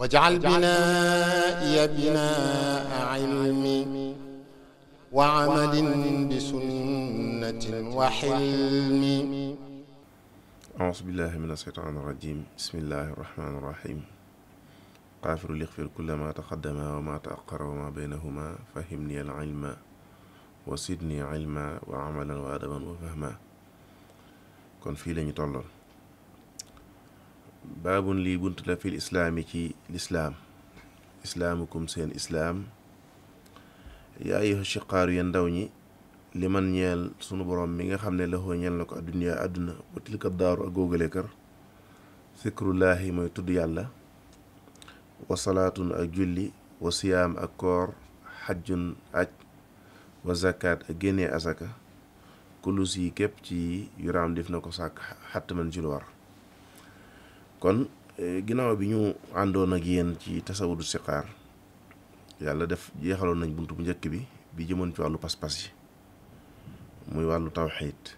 واجعل بنائي بناء علم وعمل بسنة وحلم أعوذ بالله من الشيطان الرجيم بسم الله الرحمن الرحيم غافر ليغفر كل ما تقدم وما تأخر وما بينهما فهمني العلم وزدني علما وعملا وأدبا وفهما kon fii lañu tolloon baabun lii bunt la fil islaami ci lislaam islaamukum seen islaam yaa ayyuha shiqaaru ya ndaw ñi li man ñeel sunu borom mi nga xam ne laxoo ñeel na ko adduniyaa àdduna wa tilka daaru ak góogale kër sikrullaahi mooy tudd yàlla wa ak julli wa siyaam ak koor xajjun aj wa ak génnee asaka kulus yi képp ci yuram def na ko sàkk xattaman ci war kon eh, ginnaaw bi ñu àndoon ak yéen ci tasawudu siqaar yàlla def jeexaloon nañ bunt bu njëkk bi bi jëmoon ci wàllu pas-pas yi muy wàllu tawxiid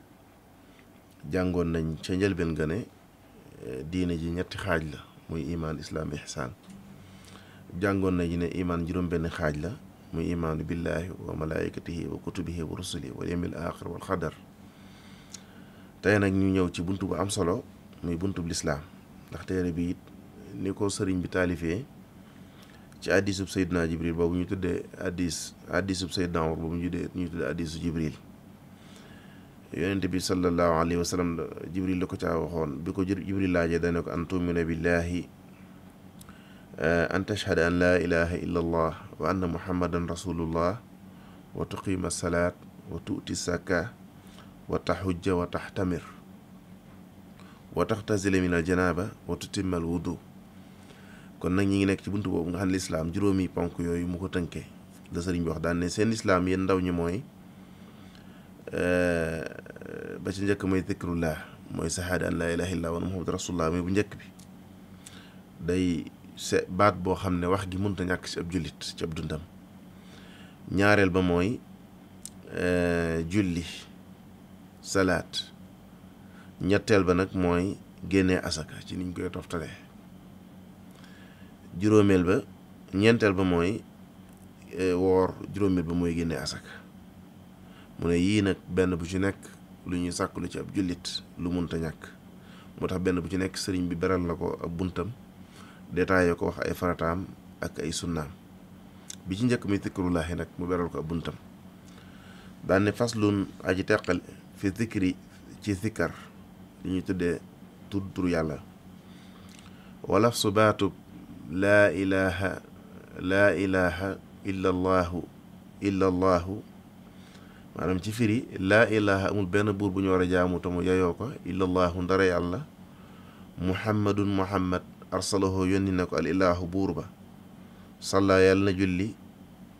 jàngoon nañ ca njëlbeen ga ne eh, diine ji ñetti xaaj la muy imaan islaam ihsaan jàngoon nañ nañu ne imaan juróom-benn xaaj la muy imaanu billaahi wa malaayikatihi wa kutubihi wa rusulihi wal yawmil aaxir wal xadar tey nag ñu ñëw ci bunt bu am solo muy buntub lislaam ndax téere bi it ni ko sëriñ bi taalifee ci addisub Seydina Jibril boobu ñu tuddee addis addisub Seydina Umar boobu ñu tuddee ñu tuddee addisu Jibril bi sallallahu alayhi wa sallam la ko ci waxoon bi ko Jibril laajee dana ko an tumina billahi an tashhada an laa ilaha illa allah wa anna muhammadan rasulullah wa tuqima salaat wa tuuti saka wa taxujja wa taxtamir wa taxtasila min al janaaba wa tutimmal wudu kon nag ñi ngi nekk ci buntu boobu nga xam ne lislaam juróomi ponk yooyu mu ko tënkee la sëriñ bi wax daan ne seen lislaam yéen ndaw ñi mooy eh, ba ci njëkk mooy zikrullah mooy sahaada an laa ilaaha illallaah wa muhammadu rasulullah mooy bu njëkk bi day se baat boo xam ne wax gi mënta ñàkk ci ab jullit ci ab dundam ñaareel ba mooy eh, julli salaat ñetteel ba nag mooy génnee asaka ci niñ koy toftalee juróomeel ba ñeenteel ba mooy e, woor juróomeel ba mooy génnee asaka mu ne yii nag benn bu ci nekk lu ñuy sàkk lu ci ab jullit lu munta ñàkk moo tax benn bu ci nekk sëriñ bi beral na ko ab buntam détaillé ko wax ay farataam ak ay sunnaam bi ci njëkk mi zikrullaahi nag mu beral ko ab buntam daane faslun aji teqal fi zikri ci zikkar li ñuy tuddee tudd turu yàlla walaf su baatub laa maanaam ci firi laa ilaha amul benn buur bu ñu war a jaamu te mu yeyoo ko illa allaahu ndara yàlla muhammadun muhammad arsalahu yónni na ko al ilaahu buur ba salla yàlla na julli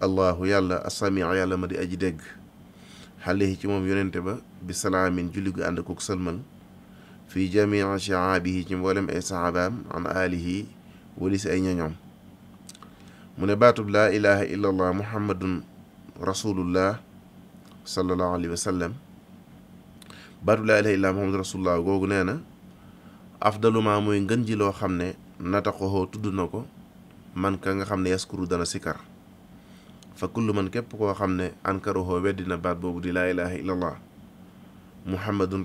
allaahu yàlla asami yàlla ma di aji dégg xale yi ci moom yonente ba bi salaamin julli gu ànd kook sëlmal fi jamii shaabihi ci mboolem ay saxaabaam mu ne baatub laa ilaha illa allah muhammadun rasulullah sallallahu alayhi baatub laa ilaha illa allah muhammadun googu nee na afdaluma mooy ngën ji xam ne nataxoxoo tudd na ko man ka nga xam ne yaskuru dana sikar fa kullu man képp koo xam ne ankaruhoo weddina baat boobu di laa ilaha illa allah muhammadun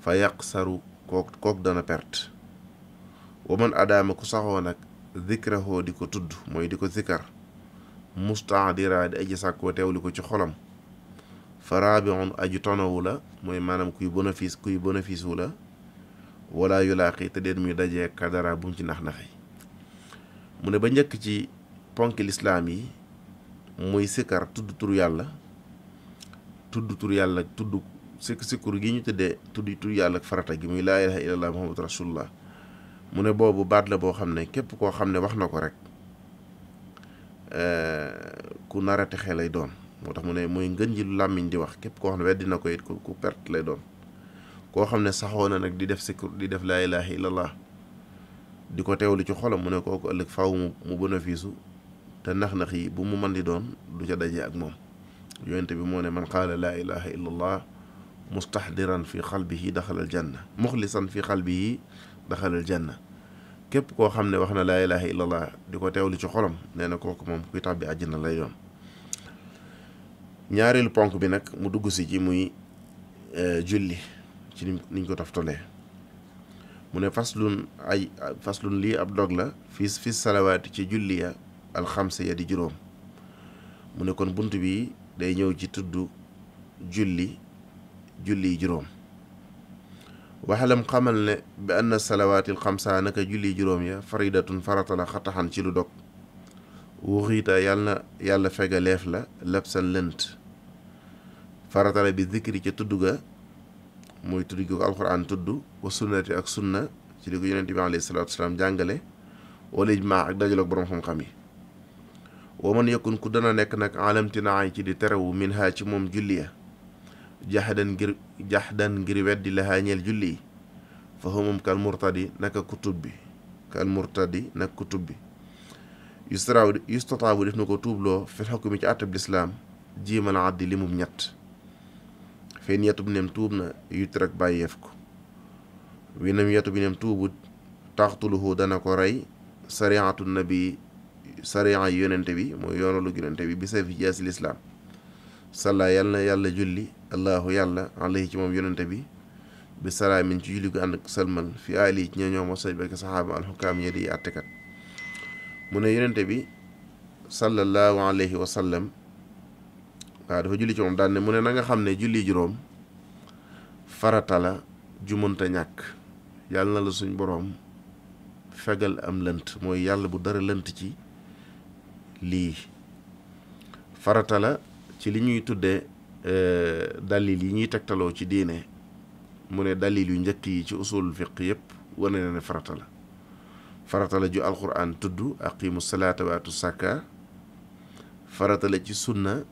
fa yaqsaru kook kook dana perte wa man ku saxoo nag zikrahoo di ko tudd mooy di ko zikar mustaadira di aji sàkkoo teewli ko ci xolam fa raabiun aju tonawu la mooy maanaam kuy bénéfice kuy bénéfice wu la wala yulaaqi te déet muy dajee kadara bu mu ci nax-naxi mu ne ba njëkk ci ponki lislaam yi mooy sikar tudd tur yàlla tudd tur yàlla tudd sikk sikkur gi ñu tëddee tuddi tudd yàlla ak farata gi muy laa ilaha illallah muhammadu rasulullah mu ne boobu baat la boo xam ne képp koo xam ne wax na ko rek eh, ku nar a texe lay doon moo tax mu ne mooy ngën ji lu làmmiñ di wax képp koo xam ne weddi na ko it ku perte lay doon koo xam ne saxoo na nag di def sikkur di def laa ilaha illallah di ko teewlu ci xolam mu ne kooku ëllëg faaw mu mu bénéfice te nax-nax yi bu mu mën di doon du ca daje ak moom yonent bi moo ne man qaala laa ilaha illallah mustahdiran fi xalbihi daxalal janna muxlisan fi xalbihi daxalal janna képp koo xam ne wax na laa ilaha illallah di ko teewlu ci xolam nee na kooku moom kuy tàbbi àjjana lay doon ñaareelu ponk bi nag mu dugg si ci muy eh, julli ci niñ ko taftalee mu ne faslun ay faslun lii ab dog la fii fi salawaati ci julli ya alxamsa ya di juróom mu ne kon bunt bi day ñëw ci tudd julli julli juróom waxalam xamal ne bi anna salawaatil xamsa naka julli juróom ya faridatun farata la xataxan ci lu dog wuxiita yàlla na fega leef la labsan lënt farata la bi zikri ca tudd ga mooy tudd ko alxuraan tudd wa sunnati ak sunna ci li ko yonente bi alayhi salaatu wasalaam jàngale wala ijmaa ak dajaloog boroom xam-xam yi wa man yakun ku dana nekk nag alamtinaay ci di terewu min ci moom julli ya jaxdan ngir jaxdan ngir weddi lahaa ñeel julli yi fa humum kal naka kutub bi kal murtadi naka kutub bi yustaraa yustataabu def na ko tuubloo fil xukmi ci àttab lislaam jiimal addi li ñett fen yetub nem tuub na yutrak bàyyeef ko wi nam yetub nem tuubut taxtuluhu dana ko rey sariatu nabi saria yonente bi mooy yoonu lu yonente bi bi sayfi jaasi lislaam salla yal na yàlla julli allahu yàlla alayhi ci moom yonente bi bi salaamin ci julli gu ànd ak salmal fi ali ci ñoo ñoom wasay bi ak saxaaba alxukaam yi di mu ne yonente bi sallallahu alayhi wa sallam dafa julli ci moom daan ne mu ne na nga xam ne julli juróom farata la ñàkk yàlla na la suñ boroom fegal am lënt mooy yàlla bu dara lënt ci lii farata ci li ñuy tudde euh, dalil yi ñuy tegtaloo ci diine mu ne dalil yu njëkk yi ci usulul fiq yépp wane na ne faratala faratala farata la ju alquran tudd aqimu salaata waatu sàkka farata ci sunna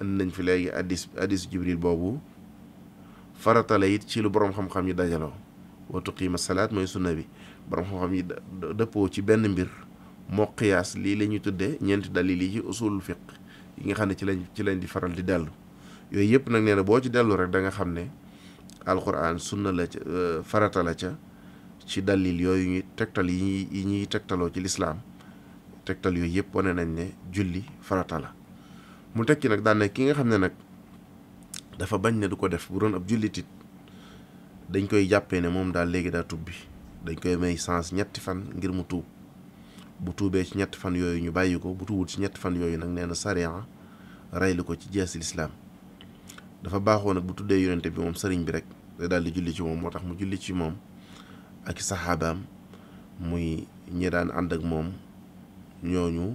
and nañ fi léegi addis addis jibril boobu farata la it ci lu boroom xam-xam yi dajaloo wa tuqiima salaat mooy sunna bi boroom xam-xam yi dëppoo ci benn mbir moo qiyaas lii la ñuy tuddee ñeenti dalil yi ci usulul fiq yi nga xam ne ci lañ ci lañ di faral di dellu yooyu yëpp nag nee na boo ci dellu rek da nga xam ne alquran sunna la ca euh, farata la ca ci dalil yooyu ñuy tegtal yi ñuy tegtaloo ci lislaam tegtal yooyu yëpp wane nañ ne julli farata la mu ci nag daan ki nga xam ne nag dafa bañ ne du ko def bu doon ab jullitit dañ koy jàppee ne moom daal léegi daa bi dañ koy may sens ñetti fan ngir mu tuub bu tuubee ci ñett fan yooyu ñu bàyyi ko bu tuubul ci ñetti fan yooyu nag nee na sariya raylu ko ci jaasil lislaam dafa baaxoo nag bu tuddee yonente bi moom sëriñ bi rek day daal di julli ci moom moo tax mu julli ci moom ak saxaabaam muy ñi daan ànd ak moom ñooñu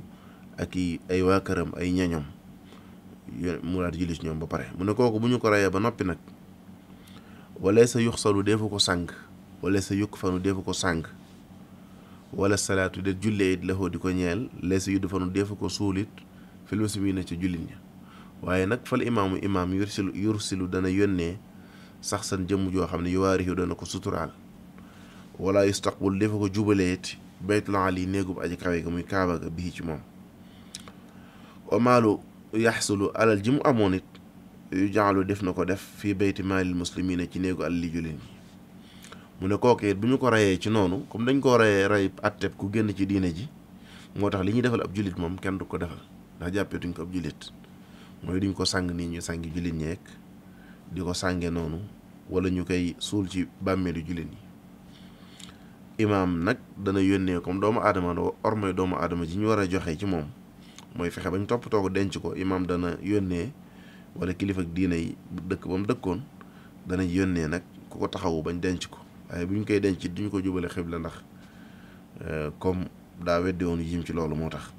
ak i ay waa këram ay ñañam mu daal di julli ci ñoom ba pare mu ne koo ko bu ñu ko rayee ba noppi nag wala sa yux salu deefu ko sàng wala sa yukk fanu deefu ko sàng wala salaatu de jullee it laxoo di ko ñeel lees yu dafa nu deefu ko suulit fil muslimiina ci jullit ña waaye nag fal imaamu imaam yursilu yursilu dana yónnee sax san jëmm joo xam ne yuwaarihu dana ko suturaal wala yustaqbul defa ko jubaleet baytul ali néegub aji kawe ga muy kaaba ga bii ci moom omaalu yaxsulu alal ji mu amoon it yu jaalu def na ko def fii bayti maalil muslimiina ci néegu àlli jullit ñi mu ne kooku it bu ñu ko reyee ci noonu comme dañ koo reyee rey atteb ku génn ci diina ji moo tax li ñuy defal ab jullit moom kenn du ko defal ndax jàppeetuñ ko ab jullit mooy duñ ko sàng nii ñu sàngi jullit ñeek di ko sànge noonu wala ñu koy suul ci bàmmeelu jullit yi imaam nag dana yónnee comme doomu aadama la ormay doomu aadama ji ñu war a joxe ci moom mooy fexe bañ toppatoo ko denc ko imaam dana yónnee wala kilifa ak diine yi dëkk ba mu dëkkoon dana yónnee nag ko taxawu bañ denc ko waaye bu ñu koy denc duñu ko jubale xibla ndax euh, comme daa weddi woon yim ci loolu moo tax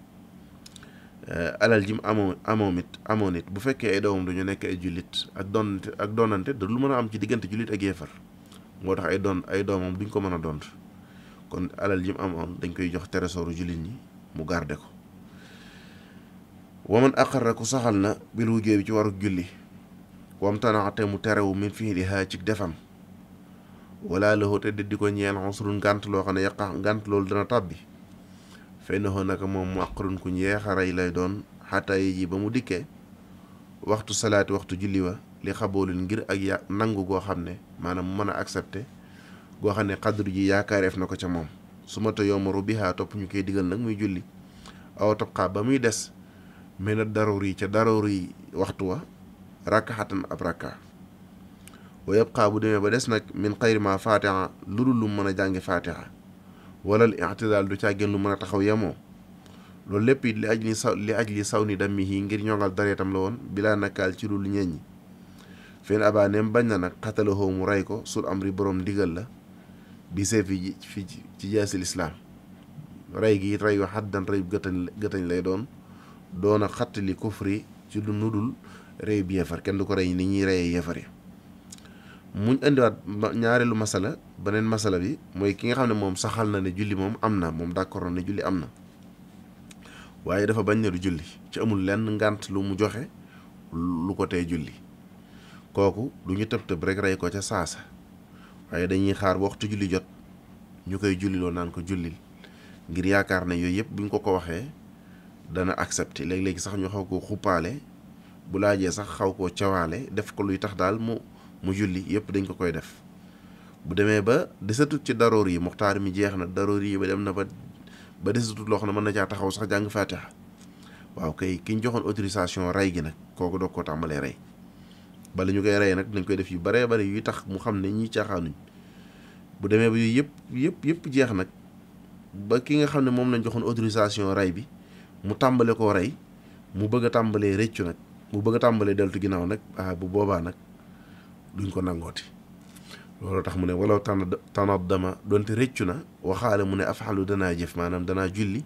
euh, alal jim amoo amoo it amoon it bu fekkee ay doomam dañu nekk ay jullit ak doonante lu mën a am ci diggante jullit ak yeefar moo tax ay doon ay doomam duñ ko mën a doon kon alal jim amoon dañ koy jox trésoru jullit ñi mu garde ko waman aqarra ku saxal na bil wujjee bi ci waruk julli wam tanaa te mu terewu min fii di haa ci defam wala la te di ko ñeel xusrun gànt loo xam ne yaqa gànt loolu dana tàbbi fay na naka moom mu àqarun ku yeex a rey lay doon xataa yi ba mu dikkee waxtu salaati waxtu julli wa li xaboolul ngir ak ya nangu goo xam ne maanaam mën a accepté goo xam ne xadru ji yaakaareef na ko ca moom su ma ta yomaru bihaa topp ñu koy digal nag muy julli aw tabqa ba muy des mais na daroor yi ca daroor yi waxtu wa rakkaxatan ab rakka wa yabqaa bu demee ba des nag min xayri ma fatiha lu dul lu mën a jàngi fatiha wala al i'tidaal du càggeen lu mën a taxaw yemo loolu lépp it li aj li saw li aj li saw ni dammi yi ngir ñongal dareetam la woon bilaa nakkaal ci lu ñeñ ñi fen abaa neem bañ na nag xatalahoo mu rey ko sul amri boroom ndigal la bi seef fi fi ci jaasil islaam rey gi it rey ko xaddan rey gëtañ lay doon doon a xattali kufri ci lu nudul rey bi yeefar kenn du ko rey ni ñuy reyee yeefar mu indiwaat ñaareelu masala beneen masala bi mooy ki nga xam ne moom saxal na ne julli moom am na moom d'accord ne julli am na waaye dafa bañ ne du julli ci amul lenn ngànt lu mu joxe lu ko tee julli kooku du ñu tëb tëb rek rey ko ca saasa waaye dañuy xaar waxtu julli jot ñu koy julliloo naan ko jullil ngir yaakaar ne yooyu yëpp buñ ko ko waxee dana accepté léeg-léegi sax ñu xaw koo xuppaale bu laajee sax xaw ko cawaale def ko luy tax daal mu. mu julli yëpp dañ ko koy def bu demee ba desatut ci daroor yi muxtaar mi jeex na daroor yi ba dem na ba ba desatut loo xam ne mën na caa taxaw sax jàng fatiha waaw kay ki ñu joxoon autorisation rey gi nag kooku doog koo tàmbalee rey bala koy rey nag dañ koy def yu baree bari yuy tax mu xam ne ñii caaxaanuñ bu demee ba yooyu yëpp yëpp yëpp jeex nag ba ki nga xam ne moom lañ joxoon autorisation ray bi mu tàmbale koo rey mu bëgg tàmbalee rëccu nag mu bëgg a tàmbalee deltu ginnaaw nag ah bu boobaa nag duñ ko nangooti loolu tax mu ne walaw tànn tànn dama donte rëccu na waxaale mu ne afxalu danaa jëf maanaam danaa julli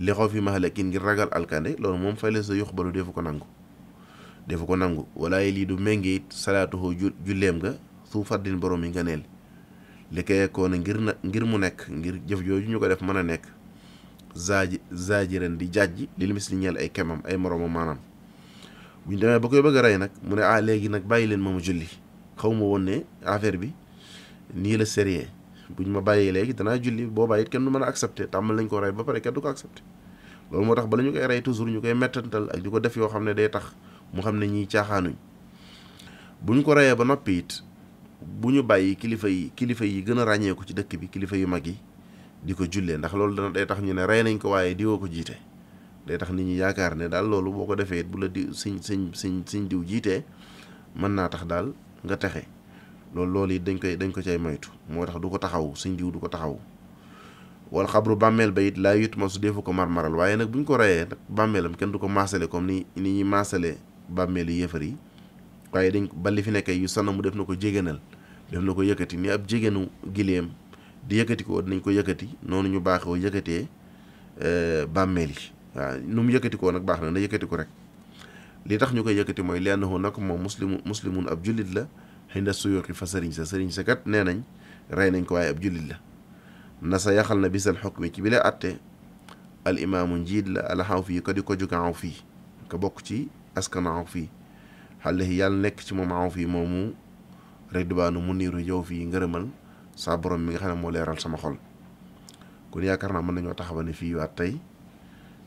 li xaw fi mahalakin ngir ragal alkande loolu moom fay la sa yuxbalu defu ko nangu defu ko nangu walaaye lii du méngee it salaatuhu ju julleem nga su faddin borom yi nga neel li koy yekkoon ngir na ngir mu nekk ngir jëf jooju ñu ko def mën a nekk zaaji zaajiran di jàjji li limis li ay kemam ay moromam maanaam buñ demee ba koy bëgg a nag mu ne ah léegi nag bàyyi leen moom julli xaw woon ne affaire bi nii la sérieux buñ ma bàyyee léegi danaa julli boobaa it kenn du mën a accepté tàmmal lañ ko rey ba pare kenn du ko accepté loolu moo tax bala ñu koy rey toujours ñu koy mettantal ak di ko def yoo xam ne day tax mu xam ne ñiy caaxaanuñ bu ko reyee ba noppi it bu ñu bàyyi kilifa yi kilifa yi gën a ràññeeku ci dëkk bi kilifa yu mag yi di ko jullee ndax loolu dana day tax ñu ne rey nañ ko waaye diwoo ko jiite day tax nit ñi yaakaar ne daal loolu boo ko defee it bu la di siñ siñ siñ siñ diw jiitee mën naa tax daal nga texe loolu loolu it dañ koy dañ ko cay moytu moo tax du ko taxaw suñ diw du ko taxaw wala xabru bàmmeel ba it laa yut ma su defu ko marmaral waaye nag bu buñ ko reyee nag bàmmeelam kenn du ko maasale comme ni ni ñuy maasale bàmmeel yi yëfar yi waaye dañ ba li fi nekk yu sana mu def na ko jégénal def na ko yëkkati ni ab jégénu giléem di yëkkati ko nañ ko yëkkati noonu ñu baaxoo yëkkatee eh, bàmmeel yi waaw nu yëkkati koo nag baax na na yëkkati ko rek li tax ñu koy yëkkati mooy lenn hu nag moom muslimu muslimun ab jullit la xinda suyuqi fa sëriñ sa sëriñ sa kat nee nañ rey nañ ko waaye ab jullit la na sa yaxal na bisal xukmi ci bi la atte al njiit la alaxaw fii di ko jóg fii ka bokk ci askan aw fii xale yi nekk ci moom aw fii moomu rek dubaanu mu niiru yow fii ngërëmal saa borom mi nga xam ne moo leeral sama xol kon yaakaar naa mën nañoo taxawa ne fii waat tey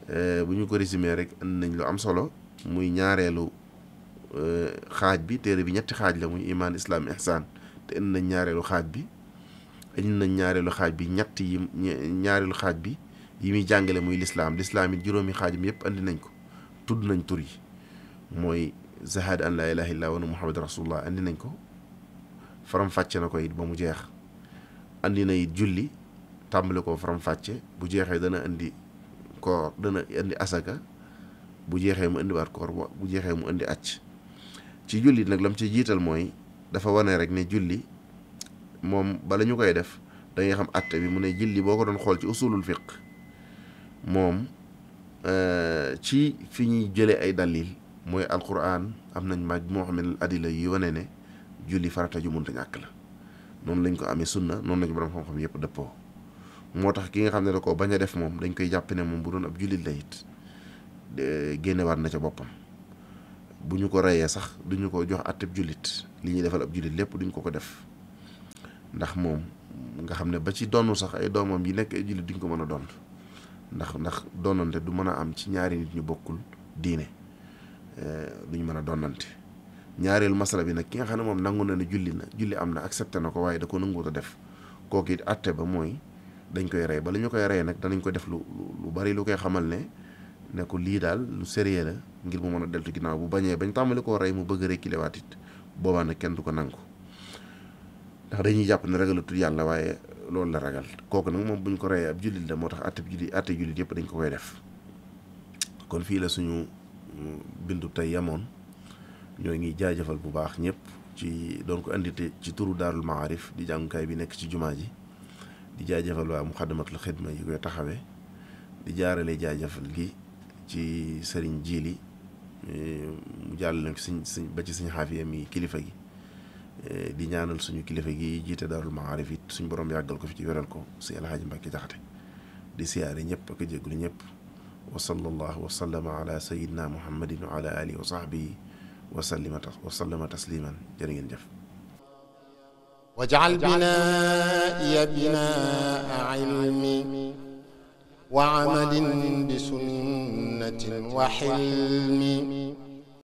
eh, bu ñu ko résumé rek indi nañ lu am solo muy ñaareelu euh, xaaj bi téere bi ñetti xaaj la muy iman islam ihsan te indi nañ ñaareelu xaaj bi indi nañ ñaareelu xaaj bi ñett ñaareelu xaaj bi yi muy jàngale muy lislaam lislaam it juróomi xaaj xaajam yëpp andi nañ ko tudd nañ tur yi mooy zahad an laa ilaha illa wana muhammad rasulullah andi nañ ko faram na ko it ba mu jeex andi na it julli tàmbale ko faram fàcce bu jeexee dana indi koor dana indi asaka bu jeexee mu indi waat bu jeexee mu indi acc ci julli nag lam ci jiital mooy dafa wane rek ne julli moom bala ñu koy def da xam atte bi mu ne julli boo ko doon xool ci usulul fiq moom euh, ci fi ñuy jëlee ay dalil mooy alquran am nañu maaj moo xam ne adila yi wane ne julli farata ju mënta ñàkk la noonu lañ ko amee sunna noonu lañ ko borom xam-xam yëpp dëppoo moo tax ki nga xam ne da ko bañ a def moom dañ koy jàpp ne moom bu doon ab jullit la it Eh, génnewaat na ca boppam bu ñu ko reyee sax duñu ko jox atteb jullit li ñuy defal ab jullit lépp duñ ko ko def ndax moom nga xam ne ba ci donn sax ay doomam yi nekk ay jullit duñ ko mën a doon ndax ndax donnante du mën a am ci ñaari ñu bokkul diine eh, duñ mën a donnante ñaareelu masala bi nag ki nga xam ne moom nangu na ne julli na julli am na accepté na ko waaye da ko nanguwut a def kooku it atte ba mooy dañ koy rey ba la ñu koy rey nag danañ ko def lu lu bari lu koy xamal ne ne lii daal lu sérieux la ngir mu mën a deltu ginnaaw bu bañee bañ tàmbali koo rey mu bëgg rek kilewaat it boobaa nag kenn du ko nangu ndax dañuy jàpp ne ragalatul yàlla waaye loolu la ragal kooku nag moom bu ñu ko reyee ab jullit la moo tax atte jullit atte jullit yëpp ko koy def fii la suñu mm, bindu tey yamoon ñoo ngi jaajëfal bu baax ñëpp ci doon ko andite ci turu daarul maarif di jàngukaay bi nekk ci jumaa ji di jaajëfal mu muxaddamatul xidma yi koy taxawee di jaarale jaajëfal gi ci sëriñ Jili eh, mu jàll na suñ suñ ba ci suñ xaafiya mi kilifa gi eh, di ñaanal suñu kilifa gi jiite daarul maarif it suñ borom yàggal ko fi ci wéral ko si alxaaji Mbàkke Jaxate di siyaare ñëpp ak jéglu ñëpp wa sallallahu wa sallama ala sayidina muhammadin wa ala alihi wa sahbihi wa sallima wa sallama tasliman jërë ngeen jëf wajal binaa ya binaa ilmi wa amalin bi sunnatin wa xilmi